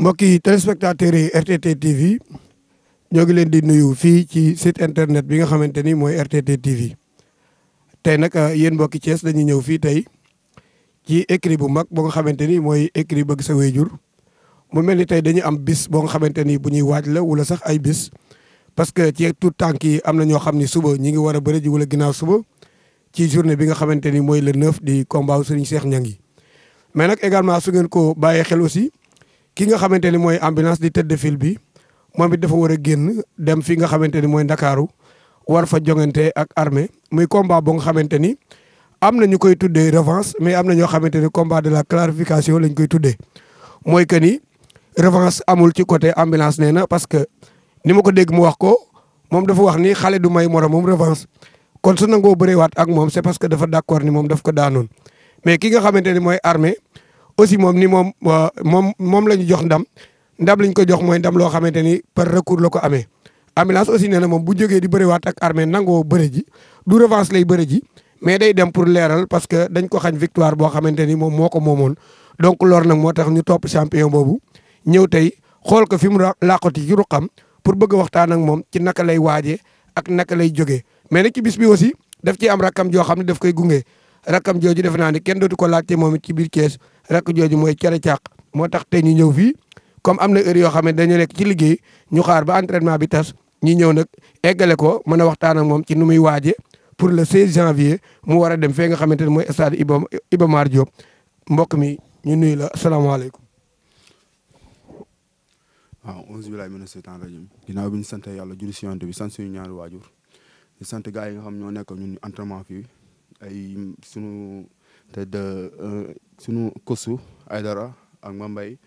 mbokki téléspectateurs yi RTT TV ñoo ngi leen di nuyu fii ci site internet bi nga xamante ni mooy RTT TV tey nag euh, yéen mbokki cees dañuy ñëw fii tey ci écrit bu mag boo nga xamante ni mooy écrit bëgg sa wéyjur mu mel ni tey dañu am bis boo nga xamante ni bu ñuy waaj la wula sax ay bis parce que ci tout tànk yi am na ñoo xam ni suba ñi ngi war a bëri ji ginnaaw suba ci journée bi nga xamante ni mooy le 9 di combat Serigne Cheikh Niang yi mais nag également su ngeen ko bàyyee xel aussi ki nga xamante ni mooy ambulance di tête de file bi moom it dafa war a génn dem fi nga xamante ni mooy ndakaaru war fa jongante ak armee muy combat bo nga xamante ni am na ñu koy tuddee revance mais am na ñoo xamante ni combat de la clarification lañ koy tuddee mooy que ni revanche amul ci côté ambulance nee na parce que ni ma ko dégg mu wax ko moom dafa wax ni xale du may moromam revanche kon su nangoo bëreewaat ak moom c'est parce que dafa d'accord moom daf ko daanoon. mais ki nga xamante ne mooy armée aussi moom ni moom euh, moom moom la ñu jox ndam ndam lañ ko jox mooy ndam loo xamante ni par recours la ko amee. ambulance aussi nee na moom bu jógee di bëriwaat ak armée nangoo bëri ji du revanche lay bëri ji mais day dem pour leeral parce que dañ ko xañ victoire boo xamante ni moom moo ko moomoon. donc loolu nag moo tax ñu topp champion boobu ñëw tey xool ko fi mu làqati ci ruqam pour bëgg waxtaan ak moom ci naka lay waajee ak naka lay jógee mais nag ci bis daf ciy am rakam joo xam ne daf koy gunge. rakkam jooju defe naa ne kenn dootu ko laajte moom it ci biir Thiès rakk jooju mooy cere càq moo tax tey ñu ñëw fii comme am na heure yoo xam ne dañu nekk ci liggéey ñu xaar ba entraînement bi tas ñu ñëw nag eggale ko mën a waxtaan ak moom ci nu muy waaje pour le 16 janvier war dem fee nga xamante ne mooy stade Iba Iba Mar Diop mbokk mi ñu nuyu la asalaamaaleykum. waaw onze bilaay a seetaan rajim ginnaaw bi ñu sant yàlla julli si yonent bi sant suñu ñaari waajur sant gars yi nga xam ñoo nekk ñun entraînement fii ay sunu te de euh, sunu ay dara ak Mambay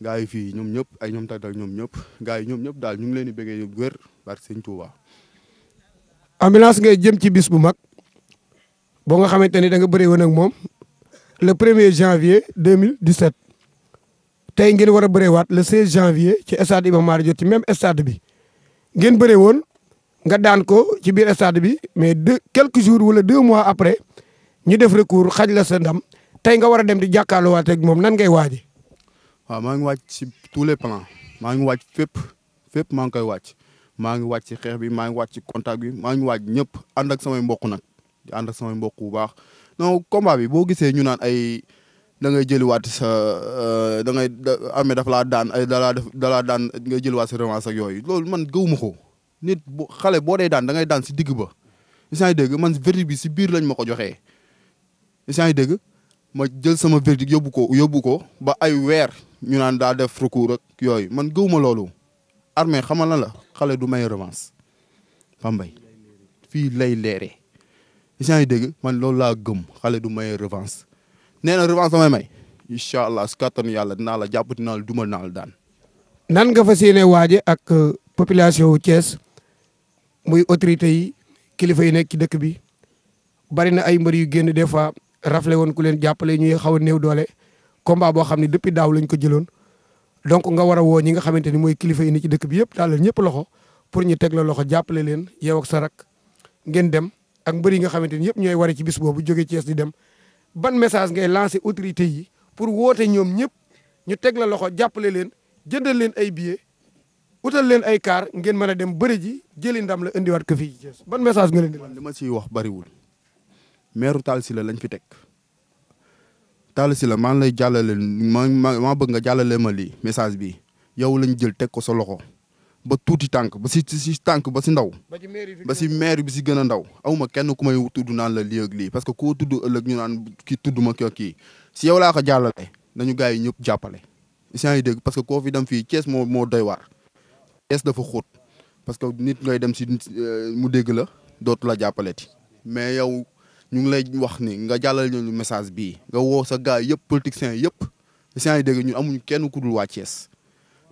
gaa yi fii ñoom ñëpp ay ñoom tàggat ñoom ñëpp gaa yi ñoom ñëpp daal ñu ngi leen di bëggee yëpp wér barke Sëñ Tuuba. ambulance ngay jëm ci bis bu mag boo nga xamante ni da nga bëri woon ak moom le premier janvier 2017 tey ngeen war a bëreewaat le 16 janvier ci stade Iba Mar jot ci même stade bi ngeen bëree woon nga daan ko ci biir stade bi mais de quelques jours wala deux mois après ñu def recours xaj la sa ndam tey nga war a dem di jàkkaarloo waat ak moom nan ngay waaje waaw maa ngi wàcc si tous les plans maa ngi wàcc fépp fépp maa ngi koy wàcc maa ngi wàcc ci xeex bi maa ngi wàcc ci contact bi maa ngi wàcc ñëpp ànd ak samay mbokk nag di ànd ak samay mbokk bu baax non combat bi boo gisee ñu naan ay da ngay jëliwaat sa euh, da ngay amee dafa laa daan ay da laa def da laa daan nga jëliwaat sa revanche ak yooyu loolu man gëwuma ko nit bu xale boo dee daan dangay ngay daan si digg ba isaan dégg man verdict bi si biir lañ ma ko joxee isaan dégg ma jël sama verdict yóbbu ko yóbbu ko ba ay weer ñu naan daa def recours ak yooyu man ma loolu armée xamal na la xale du may revanche Pambay fii lay leeree isaan dégg man loolu laa gëm xale du may revanche nee na revanche may incha allah su kàttanu yàlla dinaa la jàpp dinaa la duma naa la daan nan nga fas waaje ak euh, population wu Thiès muy autorité yi kilifa yi nekk ci dëkk bi bari na ay mbër yu génn des fois rafle woon ku leen jàppale ñuy xaw a néew doole combat boo xam ne depuis daaw lañ ko jëloon donc nga war a woo ñi nga xamante ni mooy kilifa yi ne ci dëkk bi yëpp daal ñëpp loxo pour ñu teg la loxo jàppale leen yow ak sa rak ngeen dem ak mbër yi nga xamante ni yëpp ñooy wari ci bis boobu jógee Thiès di dem ban message ngay lancer autorité yi pour woote ñoom ñëpp ñu teg la loxo jàppale leen jëndal leen ay billets utal leen ay kaar ngeen mën dem bëri ji jëli ndam la indiwaat ko fii ci ban message nga leen di. li ma ciy wax bëriwul meeru si la lañ fi teg si la maa ngi lay jàllale ma maa bëgg nga jàllale ma lii message bi yow lañ jël teg ko sa loxo ba tuuti tànk ba si si tànk ba si ndaw. ba si maire bi si gën a ndaw awma kenn ku may tudd naan la lii ak lii parce que koo tudd ëllëg ñu naan ki tudd ma kii kii si yow laa ko jàllale. nañu gaa yi ñëpp jàppale. si dégg parce que koo fi fii Thiès moo moo doy waar es dafa xóot parce que nit ngay dem si euh, mu dégg la dootu jàppale ti mais yow ñu ngi lay wax ni nga jàllale ñu message bi nga woo sa gars yëpp politiciens yëpp seen yi dégg ñun amuñu kenn ku dul waa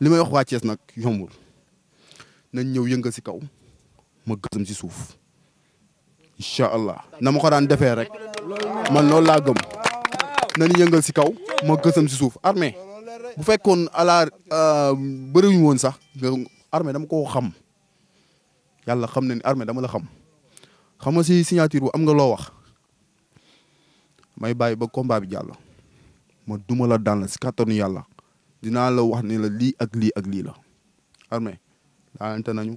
li may wax waa nag yombul nañ ñëw yëngal si kaw ma gësam si suuf incha allah na ma ko daan defee rek man laa gëm nañ si kaw ma gësam si suuf armée bu fekkoon ala euh, bëriwuñu sax armée dama ko xam yàlla xam na ni armée dama la xam xam si signature bu am nga loo wax may bàyyi ba combat bi jàll ma duma la daan la si kàttanu yàlla dina la wax ni la lii ak lii ak lii la armée daante nañu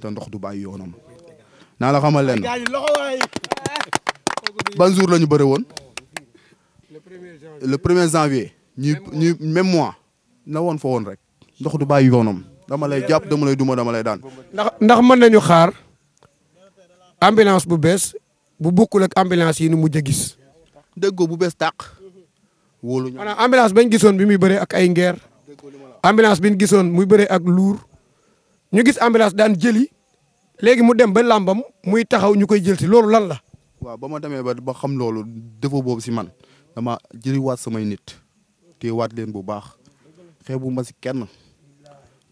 te ndox du bàyyi yoonam naa la xamal leen ban jour la woon le premier janvier ñuy ñuy mois na woon fa woon rek ndox du bàyyi yoonam dama lay jàpp dama lay duma dama lay daan. ndax ndax mën nañu xaar ambulance bu bees bu bokkul ak ambulance yi nu mu a gis. déggoo bu bees tàq. wóolu ñu maanaam ambulance bañ gisoon bi muy bëree ak ay ngeer. ambulance bi ñu gisoon muy bëree ak luur ñu gis ambulance daan jëli léegi mu dem ba làmbam muy taxaw ñu koy jël si loolu lan la. waaw ba ma demee ba ba xam loolu défaut boobu si man dama jëriwaat samay nit téewaat leen bu baax xeebu ma si kenn.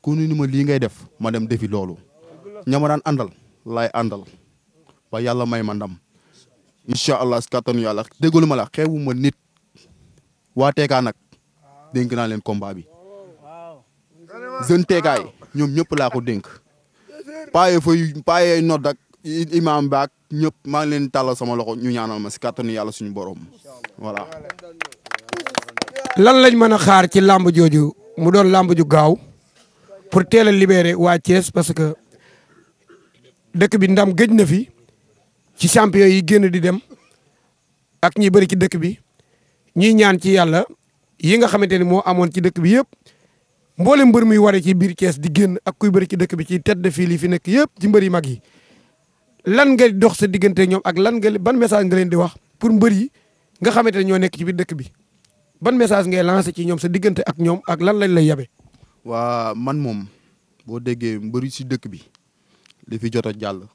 ku ni ma lii ngay def ma dem defi loolu ñama daan àndal laay àndal ba yàlla may ma ndam incha allah si kattanu yàlla déggalu ma la xeebu ma nit waa teekaa nag dénk naa leen combat bi jeune teekaay ñoom ñëpp laa ko dénk paaye fay paaye nodd ak imaam baak ñëpp maa leen tàllal sama loxo ñu ñaanal ma si kattanu yàlla suñu borom voilà lan lañ mën a xaar ci làmb jooju mu doon làmb ju gaaw pour teel a waa Thiès parce que dëkk bi ndam gëj na fi ci champion yi génn di dem ak ñi bari ci dëkk bi ñuy ñaan ci yàlla yi nga xamante ni moo amoon ci dëkk bi yëpp mboolem mbër muy waree ci biir cees di génn ak kuy bari ci dëkk bi ci tête de file yi fi nekk yëpp ci mbër yi mag yi lan nga dox sa diggante ñoom ak lan nga ban message nga leen di wax pour mbër yi nga xamante ne ñoo nekk ci biir dëkk bi ban message ngay lancé ci ñoom sa diggante ak ñoom ak lan lañ lay yabe waa man moom boo déggee mbëri si dëkk bi li fi jot a jàll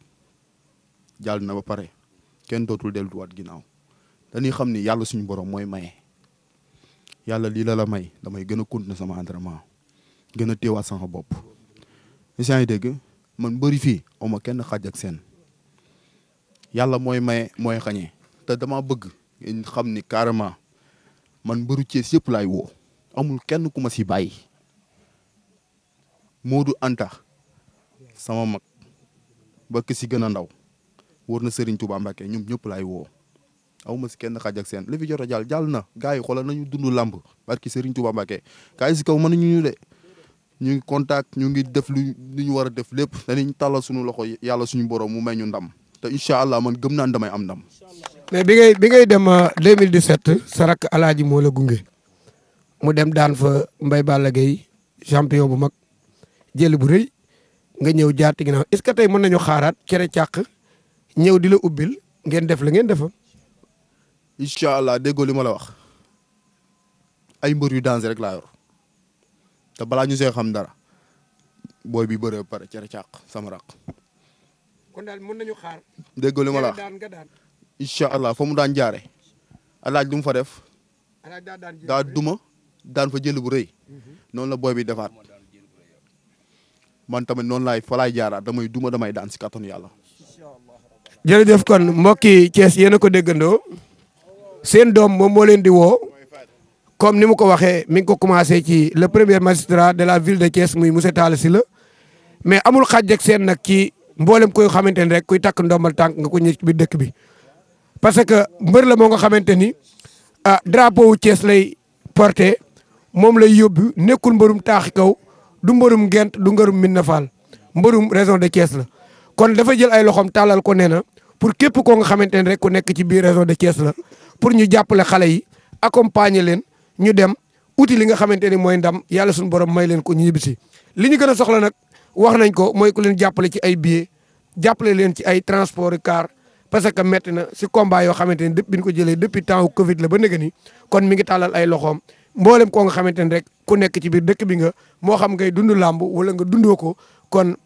jàll na ba pare kenn dootul delluwaat ginnaaw dañuy xam ni yàlla suñu borom mooy maye yàlla lii la la may damay gën a continuer sama entraînement gën a téewaat sama bopp. yaa ngi dégg man bëri fii aw kenn xaj ak seen yàlla mooy maye mooy xañee te dama bëgg ngeen xam ni carrément man mbëru Cees yëpp laay woo amul kenn ku ma si bàyyi. Moodu Anta sama mag ba ki si gën a ndaw war na Serigne Touba Mbacke ñoom ñëpp laay woo ma si kenn xaaj ak seen li fi jot a jàll jàll na gars yi xoolal nañu dund làmb barki Serigne Touba Mbacke gars yi si kaw mënuñu ñu de ñu ngi contact ñu ngi def lu lu ñu war a def lépp danañ tàllal suñu loxo yàlla suñu borom mu may ñu ndam te incha allah man gëm naa damay am ndam. mais bi ngay bi ngay dem 2017 euh, Sarak Alaaji moo la gunge mu dem daan fa mbay Balla Gueye champion bu mag. jël bu rëy nga ñëw jaar ci ginnaaw est ce que tey mën nañu xaaraat cere càq ñëw di la ubbil ngeen def la ngeen defa incha allah déggoo li ma la wax ay mbër yu danger rek laa yor te balaa ñu see xam dara booy bi bëree pare cere càq sama raq. kon daal mën nañu xaar. déggoo li ma la wax incha allah fa mu daan jaare alaaj lu mu fa def. daa duma daan fa jël bu rëy. Mhm. noonu la booy bi defaat. man tamit noonu laay fa laay jaaraat damay duma damay daan si kattanu yàlla. jërëjëf kon mbokk yi Thiès yéen a ko déggandoo seen doom moom moo leen di woo comme ni mu ko waxee mi ngi ko commencé ci le premier magistrat de la ville de Thiès muy monsieur Talla Sylla mais amul xàjj ak seen nag ci mboolem koy xamante ni rek kuy takk ndombal tànk nga ko ñëw bi dëkk bi. parce que mbër la moo nga xamante ni ah drapeau wu lay porté moom lay yóbbu nekkul mbërum taaxi kaw. du mbërum gent du ngërum Médina Fall mbërum raison de Thiès la kon dafa jël ay loxoom tàllal ko nee na pour képp koo nga xamante ne rek ku nekk ci biir région de Thiès la pour ñu jàppale xale yi accompagner leen ñu dem uti li nga xamante ne mooy ndam yàlla suñu borom may leen ko ñu ñibbisi li ñu gën a soxla nag wax nañ ko mooy ku leen jàppale ci ay billets jàppale leen ci ay transport car parce que metti na si combat yoo xamante ne depuis bi ko jëlee depuis temps Covid la ba nëgë ni kon mi ngi tàllal ay loxoom mboolem koo nga xamante ne rek ku nekk ci biir dëkk bi nga moo xam ngay dund làmb wala nga dund dundoo ko kon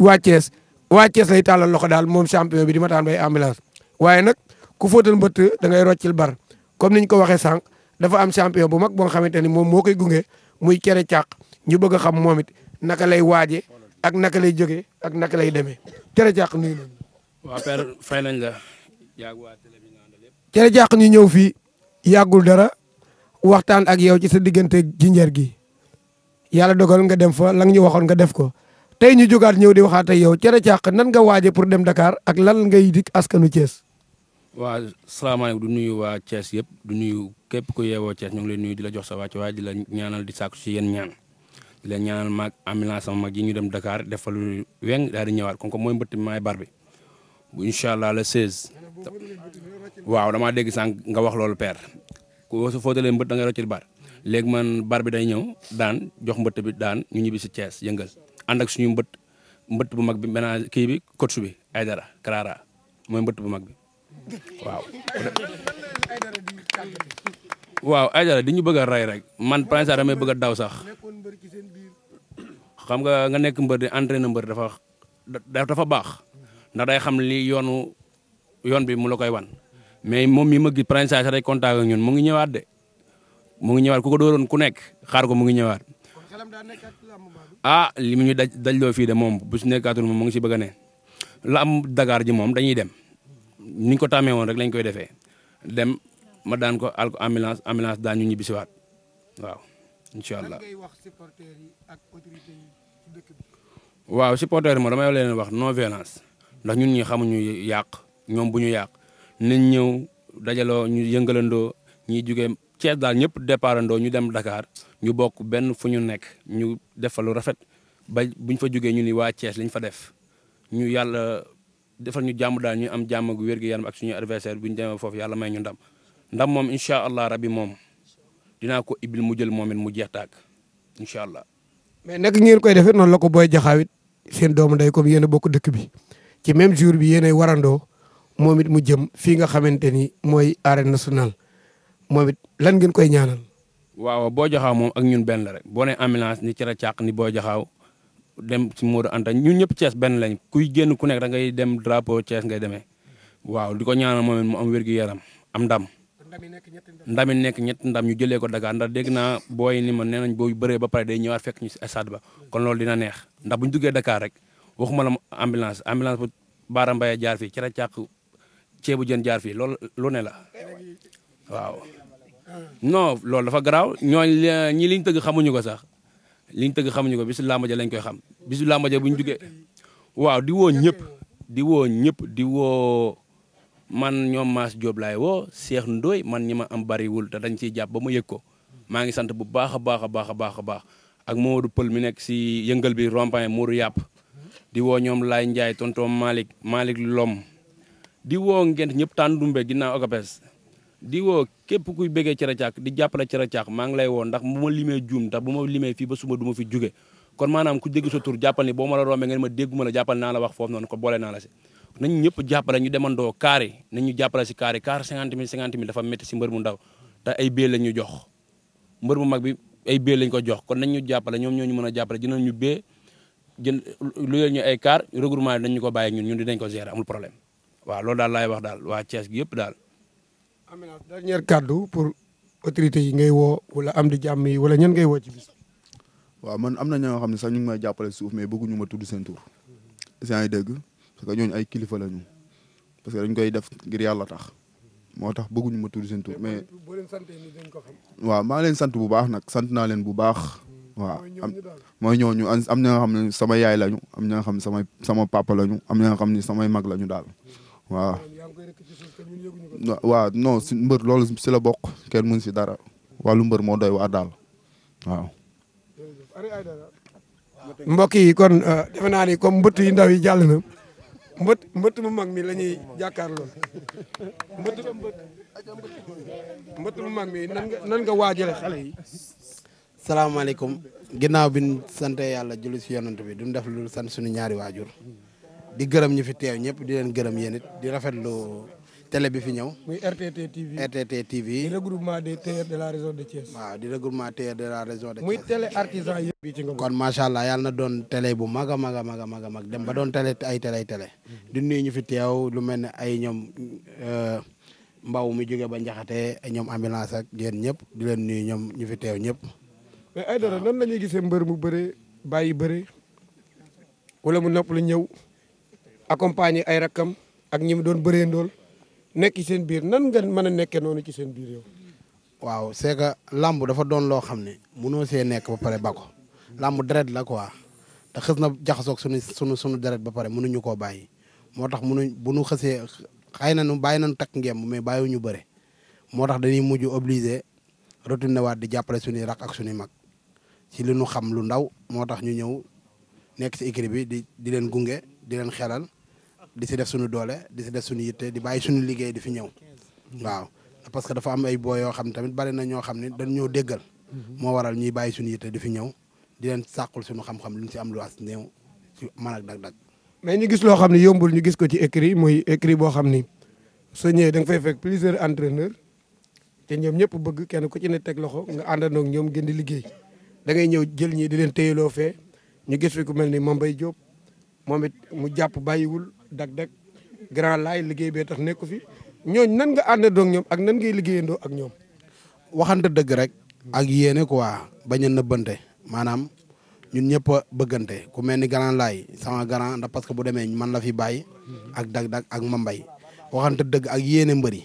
waa Thiès waa Thiès lay tàllal loxo daal moom champion bi di Matane Mbaye ambulance waaye nag ku fóotal mbëtt dangay rocci roccil bar comme ni ñu ko waxee sànq dafa am champion bu mag boo xamante ni moom moo koy gunge muy cere càq ñu bëgg a xam moom it naka lay waaje ak naka lay jóge ak naka lay demee cere càq nuyu nañu. waa père fay nañ la. cere càq ñu ñëw fii yàggul dara waxtaan ak yow ci sa diggante jinjeer gi yàlla dogal nga dem fa la ñu waxoon nga def ko tey ñu jógaat ñëw di waxaat ak yow cere càq nan nga waaje pour dem dakaar ak lan ngay dik askanu Thiès. waa salaamaaleykum du nuyu waa Thiès yëpp du nuyu képp ku yeewoo Thiès ñu ngi lay nuyu di la jox sa wàcc waa di la ñaanal di saaku ci yéen ñaan di la ñaanal maag ambulance sama mag yi ñu dem dakaar def fa lu weng daal di ñëwaat kon ko mooy mbëtt maay bar bi bu incha allah le 16. waaw damaa dégg sànq nga wax loolu père woo sa footalee mbët da ngay roccil baar léegi man baar bi day ñëw daan jox mbëtt bi daan ñu ñibbi si Thiès yëngal ànd ak suñu mbëtt mbëtt bu mag bi ménage kii bi coach bi ay dara mooy mbëtt bu mag bi waaw. ay dara di ñu bëgg a rey rek man par exemple damay bëgg daw sax xam nga nga nekk mbër di na mbër dafa dafa baax ndax day xam li yoonu yoon bi mu la koy wan. mais moom mi ma gis Prince Sarr day contact mu ngi ñëwaat de mu ngi ñëwaat ku ko dooroon ku nekk xaar ko mu ngi ñëwaat. ah li mu ñu daj dajloo fii de moom bu su nekkaatul moom mu ngi si bëgg a ne la am Dakar ji moom dañuy dem ni ko tàmmee woon rek lañ koy defee dem ma daan ko àll ko ambulance ambulance daan ñu ñibbisiwaat waaw. incha allah waaw supporters yi moom damay leen wax non violence ndax ñun ñi xamuñu yàq ñoom bu ñu yàq. nañ ñëw dajaloo ñu yëngalandoo ñuy jugee Thiès daal ñëpp départandoo ñu dem dakaar ñu bokk benn fu ñu nekk ñu defal lu rafet ba buñ fa jógee ñu ni waa Thiès liñ fa def ñu yàlla defal ñu jàmm daal ñu am jàmm ak wér gi yaram ak suñu adversaire bu ñu demee foofu yàlla may ñu ndam ndam moom incha allah rabi moom dinaa ko ibil mu jël moom it mu jeex tàgg incha allah. mais nag ngeen koy defee noonu la ko booy jaxaawit seen doom day comme yéen a bokk dëkk bi ci même jour bi yéen ay warandoo. moom it mu jëm fi nga xamante ni mooy arène nationale moom it lan ngeen koy ñaanal. waaw boo jaxaaw moom ak ñun benn la rek boo ne ambulance ni ci la càq ni boo jaxaaw dem ci Modou Anta ñun ñëpp Thiès benn lañ kuy génn ku nekk da ngay dem drapeau Thiès ngay demee waaw di ko ñaanal moom it mu am wér gu yaram am ndam. ndam yi nekk ñetti ndam ñu jëlee ko Dakar ndax dégg naa booy ni ma nee nañ boo bëree ba pare day ñëwaat fekk ñu si ba kon loolu dina neex ndax bu ñu duggee Dakar rek waxuma la ambulance ambulance bu Baara Mbaye jaar ci la ceebu jën jaar fii lool lu ne la waaw non loolu dafa garaaw ñooñ ñi liñ tëgg xamuñu ko sax liñ tëgg xamuñu ko bisu làmb ja lañ koy xam bisu làmb bu ñu jugee waaw di woo ñëpp di woo ñëpp di woo man ñoom maas joob laay woo Cheikh Ndoy man ñi ma am bariwul te dañ ciy jàpp ba ma yëg ko maa ngi sant bu baax a baax a baax a baax a baax ak Modou Pël mi nekk si yëngal bi rond-point Mourou Yàpp di woo ñoom Laay Njaay tonton Malick Malick Lom di woo ngent ñëpp Tàndumbe ginnaaw Agapes di woo képp kuy bëggee Cere Caac di jàppale Cere Caac maa ngi lay woo ndax bu ma limee juum ndax bu ma limee fii ba suba du ma fi jóge kon maanaam ku dégg sa tur jàppal ni boo ma la rombee ngeen ma dégguma la jàppal naa wax foofu noonu ko boole naa la si ñu demandoo carré nañ ñu jàppale si carré carré cinquante mille cinquante mille dafa métti si mbër mu ndaw te ay bee lañ ñu jox mbër mu mag bi ay bee lañ ko jox kon nañ ñu jàppale ñoom ñoo ñu mën a jàppale dinañ ñu bee jën lu ñu ay car regroupement yi nañ ñu ko bàyyi ñun ñun dinañ ko gérer amul problème waaw loolu daal laay wax daal waa Thiès gi yëpp daal. Amina dernier kàddu pour autorité yi ngay woo wala am di jàmm yi wala ñan ngay woo ci sax waaw man am na ñoo xam ne sax ñu ngi may jàppale suuf mais bëgguñu ma tudd seen tur. si dégg parce ñooñu ay kilifa lañu parce que dañ koy def ngir yàlla tax moo tax bëgguñu ma tudd seen tur mais. waaw maa leen sant bu baax nag sant naa leen bu baax. Hmm. waaw am mooy ñooñu am na nga xam ne sama yaay lañu am na nga xam ne sama sama papa lañu am na nga xam ni samay mag lañu daal. Hmm. waaw waaw non mbër loolu si la bokk kenn ngi si dara wallu mbër moo doy waar daal waaw mbokk yi kon euh, defe naa ni comme mbëtt yu ndaw yi jàll na mbëtt mbëtt mu mag mi lañuy ñuy jàkkaarloo mbëtt mbëtt mag mi nan nga nan nga waajale xale yi salaamaaleykum ginnaaw bi ñu sante yàlla julli si yonant bi duñ def lu sant suñu ñaari waajur di gërëm ñu fi teew ñëpp di leen gërëm yéen di di rafetlu télé bi fi ñëw. muy RTT TV di regroupement des de la région de Thiès. waaw di regroupement tailleurs de la région de Thiès. muy télé kon macha allah yàlla na doon télé bu mag a mag a mag mag mag dem ba doon télé ay télé télé. Mhm. di nuy ñu fi teew lu mel ne ay ñoom euh, mbaw mi jóge ba njaxate ñoom ambulance ak yéen ñëpp di leen nuy ñoom ñu fi teew ñëpp. mais ay dara nan la ñuy gisee mbër mu bëre bàyyi bëre wala mu nopp lu ñëw. accompagner ay rakkam ak ñi mu doon bëree ndool nekk ci seen biir nan nga mën a nekkee noonu ci seen biir yow. waaw c'est que làmb dafa doon loo xam ne mënoo see nekk ba pare ba ko làmb deret la quoi te xës na jaxasoog sunu sunu sunu deret ba pare mënuñu koo bàyyi moo tax munu bu nu xësee xëy na nu bàyyi nañu takk ngemb mais bàyyiwuñu bëre moo tax dañuy mujj obligé retourné waat di jàppale suñuy rak ak suñuy mag ci li nu xam lu ndaw moo tax ñu ñëw nekk ci équipe bi di di leen gunge di leen xelal di si def suñu doole di si def suñu yitte di bàyyi suñu liggéey di fi ñëw waaw parce que dafa am ay boo yoo xam tamit bari na ñoo xam ne dañ ñoo déggal mhm. moo waral ñuy bàyyi suñu yitte di ñëw di leen sàqul suñu xam-xam luñ si am lu as néew si man ak dag mais ñu gis loo xam ne yombul ñu gis ko ci écrit muy écrit boo xam ni soo ñëwee danga nga fay fekk plusieurs entraîneurs te ñoom ñëpp bëgg kenn ku ci ne teg loxo nga àndandoo ak ñoom gën di liggéey da ngay ñëw jël ñii di leen téyeloo fee ñu gis fi ko mel ni Mambay Diop moom it mu jàpp bàyyiwul dag-dag grand laay liggéey bee tax nekku fi ñooñ nan nga àndandoo doog ñoom ak nan ngay liggéeyandoo ak ñoom. waxante dëgg rek. ak yéene quoi bañ nëbbante maanaam ñun ñëpp bëggante ku mel ni grand laay sama grand ndax parce que bu demee man la fi bàyyi. ak dag-dag ak mambay waxante dëgg ak yéene mbëri.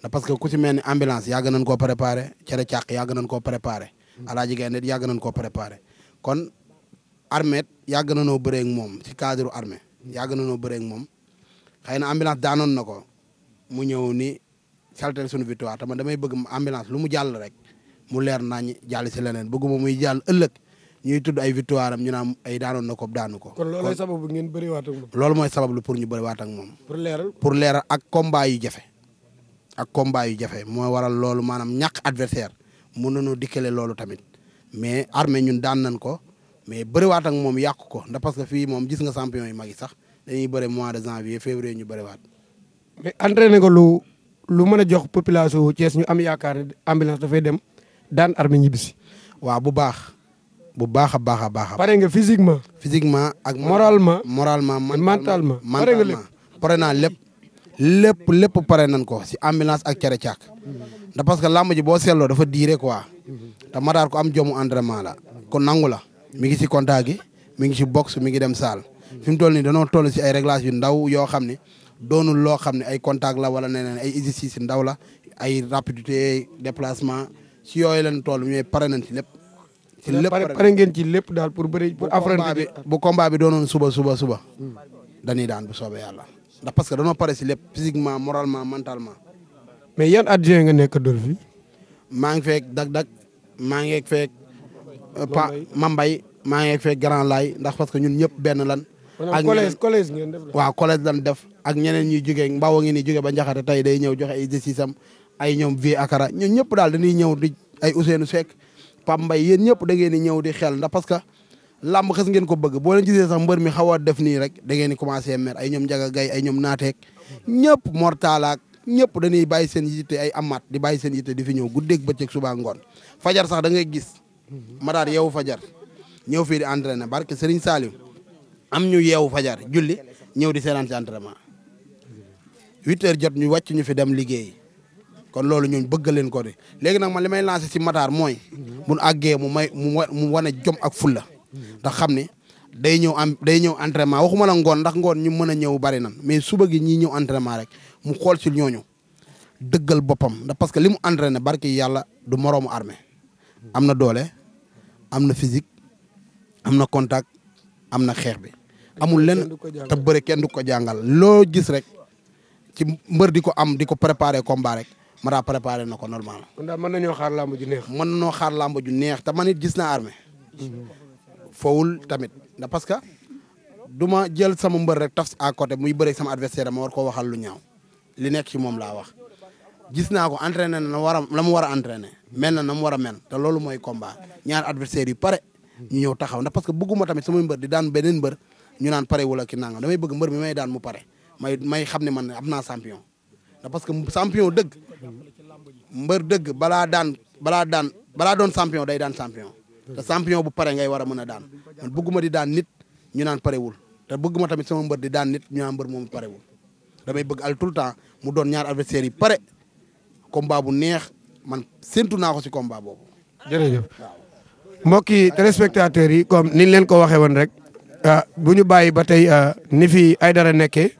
ndax parce que ku si mel ni ambulance yàgg nañ ko préparé cere càq yàgg nañ koo préparé. alaaji gaynde yàgg nañ koo préparé kon armée yàgg nañoo bëree ak moom si cadre armée yàgg na noo moom xëy na ambulance daanoon na ko mu ñëw ni saltel suñu victoire te man damay bëgg ambulance lu mu jàll rek mu leer nañ jàll si leneen bëgguma muy jàll ëllëg ñuy tudd ay victoire am ñu naan ay daanoon na ko daanu ko. kon loolu sababu ngeen bëriwaat ak loolu mooy sababu pour ñu bëriwaat ak moom. pour leeral pour leeral ak combat yu jafe. ak combat yu jafe mooy waral loolu maanaam ñàkk adversaire mun nañoo dikkale loolu tamit mais armée ñun daan nañ ko. mais bëriwaat ak moom yàqu ko ndax parce que fii moom gis nga champion yu mag sax dañuy bëri mois de janvier février ñu bëriwaat. mais entraîné nga lu lu mën a jox population Thiès ñu am yaakaar ne ambulance dafay dem daan armée ñibbisi. waaw bu baax bu baax a baax a baax. pare nga physiquement. physiquement ak. moralement moralement mentalement pare nga pare naa lépp. lépp lépp pare nañ ko si ambulance ak cere càkk ndax parce que làmb ji boo seetloo dafa diire quoi mhm. te ko am jomu entraînement la ko nangu la mi ngi si contact gi mi ngi si box mi ngi dem saal fi mu toll nii danoo toll si ay réglage yu ndaw yoo xam ne doonul loo xam ne ay contact la wala neneen ay exercice ndaw la ay rapidité déplacement si yooyu leen toll mais pare na si lépp. si lépp ci lépp daal pour bëri pour affronter bu combat bi doonoon suba suba suba. dañuy daan bu soobee yàlla ndax parce que danoo pare si lépp physiquement moralement mentalement. mais yan adjoint nga nekk Dolphy. maa ngi fekk dag dag maa fekk. Pa Mambay maa ngi fekk Grand Laye ndax parce ñun ñëpp benn lan. ak collège collège ngeen def waaw collège lan def ak ñeneen ñuy jógee Mbawo ngeen di jóge ba Njaxate tey day ñëw joxe ay décisam ay ñoom ñëpp daal dañuy ñëw di ay Ousseynou Seck Pape Mbaye ñëpp da ngeen di ñëw di xel ndax parce que làmb xës ngeen ko bëgg boo leen gisee sax mbër mi xaw a def nii rek da ngeen di commencé mer ay ñoom Njaga Gay ay ñoom naateek ñëpp mortalaak ñëpp dañuy bàyyi seen yitte ay amaat di bàyyi seen yitte di fi ñëw guddeeg bëccëg suba ngoon fajar sax da gis ma daal yeewu fajar ñëw fii di entraîné barke Serigne Saliou am ñu yeewu fajar julli ñëw di seetaan ci entraînement huit heures jot ñu wàcc ñu fi dem liggéey kon loolu ñun bëgg leen ko de léegi nag ma li may lancé si Matar mooy. mun àggee mu may mu mu wane jom ak fulla ndax xam ne day ñëw am day ñëw entraînement waxuma la ngoon ndax ngoon ñu mën a ñëw bari nan mais suba gi ñii ñëw entraînement rek mu xool si ñooñu dëggal boppam ndax parce que li mu entraîné barki yàlla du moroomu armée am na doole am na physique am na contact am na xeex bi. amul lenn te bëre kenn du ko jàngal loo gis rek ci mbër di ko am di ko préparer combat rek Mara préparé na ko normal. kon daal mën nañoo xaar làmb ju neex. mën nañoo xaar làmb ju neex te man it gis naa armée. fowul tamit ndax parce que du ma jël sama mbër rek taf à côté muy bëre sama adversaire ma war ko waxal lu ñaaw li nekk ci moom laa wax. gis naa ko entraîné na war a la mu war a entraîné mel na na mu war a mel te loolu mooy combat ñaar adversaire yi pare ñu ñëw taxaw ndax parce que bëgguma tamit sama mbër di daan beneen mbër ñu naan pare wala ki nangam damay bëgg mbër mi may daan mu pare may may xam ne man am naa champion parce que champion dëgg mbër dëgg balaa daan balaa daan balaa doon champion day daan champion te champion pare ngay war a mën a daan bëgguma di daan nit ñu naan parewul te bëgguma tamit sama mbër di daan nit ñu naan mbër moom parewul damay bëgg al tout le temps mu doon ñaar adversaire yi pare combat bu neex man séntu naa ko si combat boobu. jërëjëf mbokki téléspectateurs yi comme niñ leen ko waxee woon rek ah, bu ñu bàyyi ba tey ah, ni fi ay dara nekke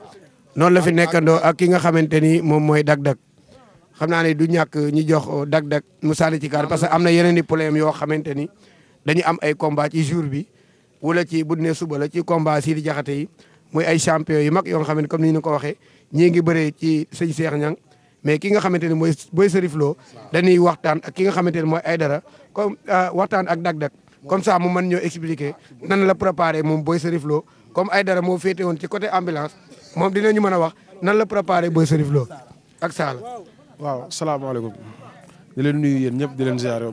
noonu la fi nekkandoo ak ki nga xamante ni moom mooy dag-dag xam naa ne du ñàkk ñi jox dag-dag oh, mu sànni ci kaar parce que am na yeneen i problème yoo xamante ni dañu am ay combat ci jour bi wala ci bu ne suba la ci combat si di jaxate yi muy ay champion yu mag yoo nga xam ne comme ni ñu ko waxee ñii ngi bëree ci sëñ Cheikh Niang mais ki nga xamante ne mooy booy Serif Lo dañuy waxtaan ak ki nga xamante ne mooy dara comme euh, waxtaan ak dag Dak comme ça mu man ñoo expliquer nan la préparé moom booy Serif Lo ay dara moo féete woon ci côté ambulance moom dinañu mën a wax nan la préparé booy Serif Lo ak Sall. waaw salaamaaleykum di leen nuyu yéen ñëpp di leen ziar